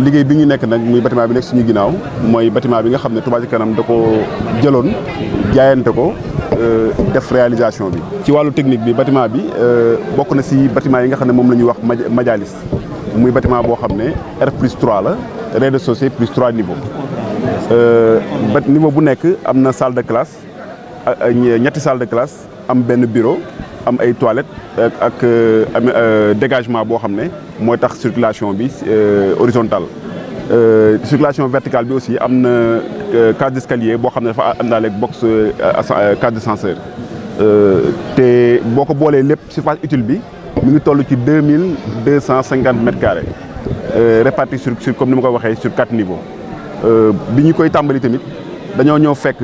liggéey bi ñu nekk nag muy bâtiment bi nekk suñu ginnaaw mooy bâtiment bi nga xam ne Touba Ca Kanam da ko jëloon jaayante ko euh, def réalisation bi ci wàllu technique bi bâtiment bi euh, bokk na si bâtiment yi nga xam ne moom la ñuy wax majalis muy bâtiment boo xam ne R plus 3 la rez-de-chaussée plus trois niveau euh, ba niveau bu nekk am na salle de classe ñetti salle de classe am benn bureau am ay toilettes euh, ak euh, am euh, dégagement boo xam ne mooy tax circulation bi horizontale circulation verticale bi aussi am na cage d'escalier boo xam ne dafa àndaale ak box cage d'ascenseur te boo ko boolee lépp surface utile bi mu ngi toll ci deux mille deux cent cinquante mètres carrés répartis sur comme ni ma ko waxee sur quate niveaux bi ñu koy tàmbali tamit dañoo ñëw fekk.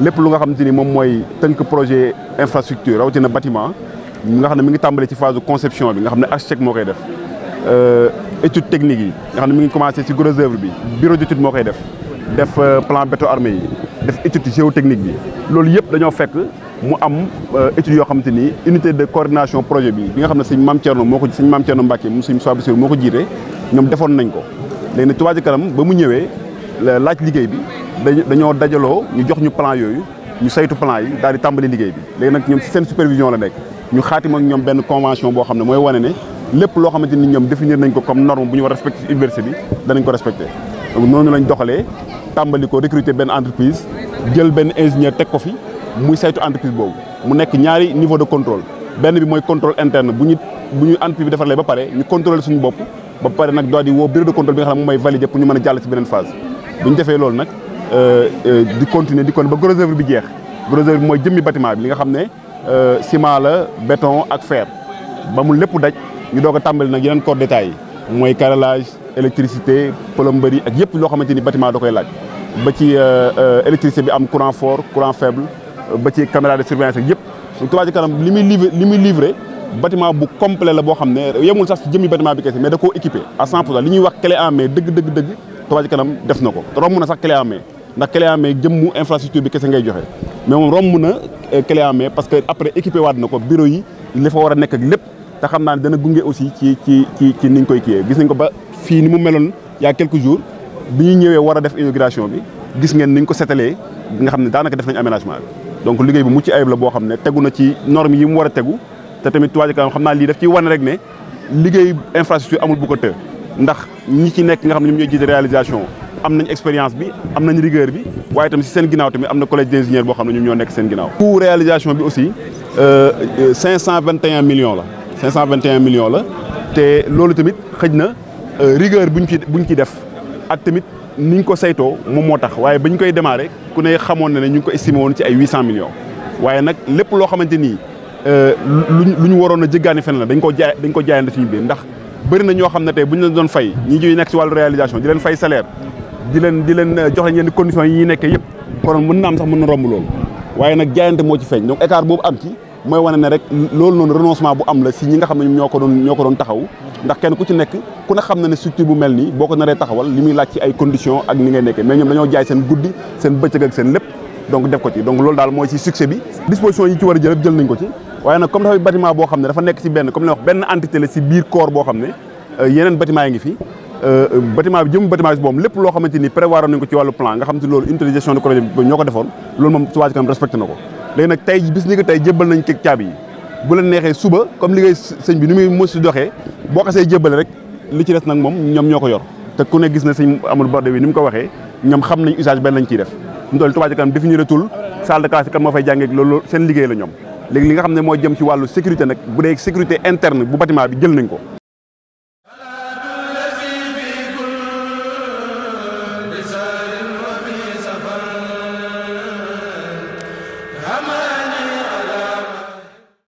lépp lu nga xamante ni moom mooy tënk projet infrastructure rawatina bâtiment nga xam ne mu ngi tàmbali ci phase de conception bi nga xam ne architecte moo koy def euh, étude technique yi nga xam ne mi ngi commencé ci gros œuvre bi bureau d'étude moo koy def def euh, plan béton armé yi def étude géotechnique bi loolu yëpp dañoo fekk mu am euh, étude yoo xamante ni unité de coordination projet bi bi nga xam ne sëñ Mame Thierno moo ko sëñ Mame Thierno Mbacke mu sëñ moo ko jiite ñoom defoon nañ ko léegi nag Touba Kanam ba mu ñëwee laaj liggéey bi dañoo dajaloo ñu jox ñu plan yooyu ñu saytu plan yi daal di tàmbali liggéey bi léegi nag ñoom ci seen supervision la nekk ñu xaatim ak ñoom benn convention boo xam ne mooy wane ne lépp loo xamante ni ñoom définir nañ ko comme norme bu ñu war respecté ci université bi danañ ko respecté donc noonu lañ doxalee tàmbali ko recruter benn entreprise jël benn ingénieur teg ko fi muy saytu entreprise boobu mu nekk ñaari niveau de contrôle benn bi mooy contrôle interne bu ñu bu ñu entreprise bi defarlee ba ñu contrôler suñu bopp ba pare nag doit di woo bureau de contrôle jàll ci beneen phase bu loolu nag Euh, euh, di continuer di kon ba gros œuvre bi jeex gros bi mooy jëmmi bâtiment bi li nga xam ne euh, ciment la béton ak fer ba mu lépp daj ñu doog a tàmbali nag yeneen corps détail yi mooy carrelage électricité plomberie ak yëpp loo xamante ni bâtiment da koy laaj ba ci électricité bi am courant fort courant faible ba ci caméra de surveillance ak yëpp Kanam li muy livré li muy livré bâtiment bu complet la boo xam ne yemul sax ci jëmmi bâtiment bi kese mais koo wax clé en main dëgg dëgg dëgg na ko romb na sax clé en ndax Cléamé jëmmu infrastructure bi kese ngay joxe mais moom romb na euh, Cléamé parce que après équipé waat na ko bureau yi li fa war a nekk ak lépp te xam naa ne dana gunge aussi ci ci ci ci niñ koy yee gis nañ ko ba fii ni mu meloon yaa a quelques jours bi ñu ñëwee war a def inauguration bi gis ngeen niñ ko setalee nga xam ne daanaka def nañ aménagement bi donc liggéey bu mucc ayib la boo xam ne tegu na ci norme yi mu war a tegu te tamit Touba Ca Kanam xam naa lii daf ciy wane rek ne liggéey infrastructure amul bu ko të ndax ñi ci nekk nga xam ne ñoom ñooy jiite réalisation am nañ expérience bi am nañ rigueur bi waaye tamit si seen ginnaaw tamit am na collège d'ingénieur boo xam ne ñoom ñoo nekk seen ginnaaw. coût réalisation bi aussi 521 euh, euh, millions la 521 millions la te loolu tamit xëj na euh, rigueur buñ ci buñ ci def ak tamit ñu ko saytoo moom moo tax waaye bañ koy démarrer ku ne xamoon na ne ñu ngi ko estimé woon ci ay 800 millions waaye nag lépp loo xamante ni lu ñu waroon a jëggaani feneen la dañ ko jaay dañ ko jaayante suñu biir ndax. bëri na ñoo xam ne tey bu doon fay ñi ñuy nekk ci wàllu réalisation di leen fay salaire di leen di leen eh, jox leen yenn conditions yi ñuy nekkee yëpp kon mën na am sax mën na romb loolu waaye nag jaayante moo ci feeñ donc écart boobu am ci mooy wane ne rek loolu noonu renoncement bu am la si ñi nga xam ne ñoo ko doon ñoo ko doon taxaw ndax kenn ku ci nekk ku ne xam na ne structure bu mel nii boo ko naree taxawal li muy laaj ay conditions ak ni ngay nekkee mais ñoom dañoo jaay seen guddi seen bëccëg ak seen lépp donc def ko ci donc loolu daal mooy a jël jël ne dafa nekk si benn comme li wax benn entité la si biir corps boo xam eh, Euh, euh, bâtiment bi jëm bâtiment bi si moom lépp loo xamante ni prévoir nañ ko ci wàllu plan nga xam te loolu utilisation de projet bi ñoo ko defoon loolu moom Touba Kanam respecté na ko léegi nag tey bis ni ko tey jébbal nañ keg caabi yi suba comme liggéey sëñ bi ni muy mos si doxee boo xasee jébbale rek li ci des nag moom ñoom ñoo ko yor te ku ne gis na sëñ amul borde bi ni mu ko waxee ñoom xam nañ usage benn lañ ciy def ñu toll Touba Ca Kanam définir tul salle moo jàngee loolu seen liggéey la ñoom léegi li nga xam ne moo jëm ci wàllu sécurité nag bu dee sécurité interne bu bâtiment bi jël nañ ko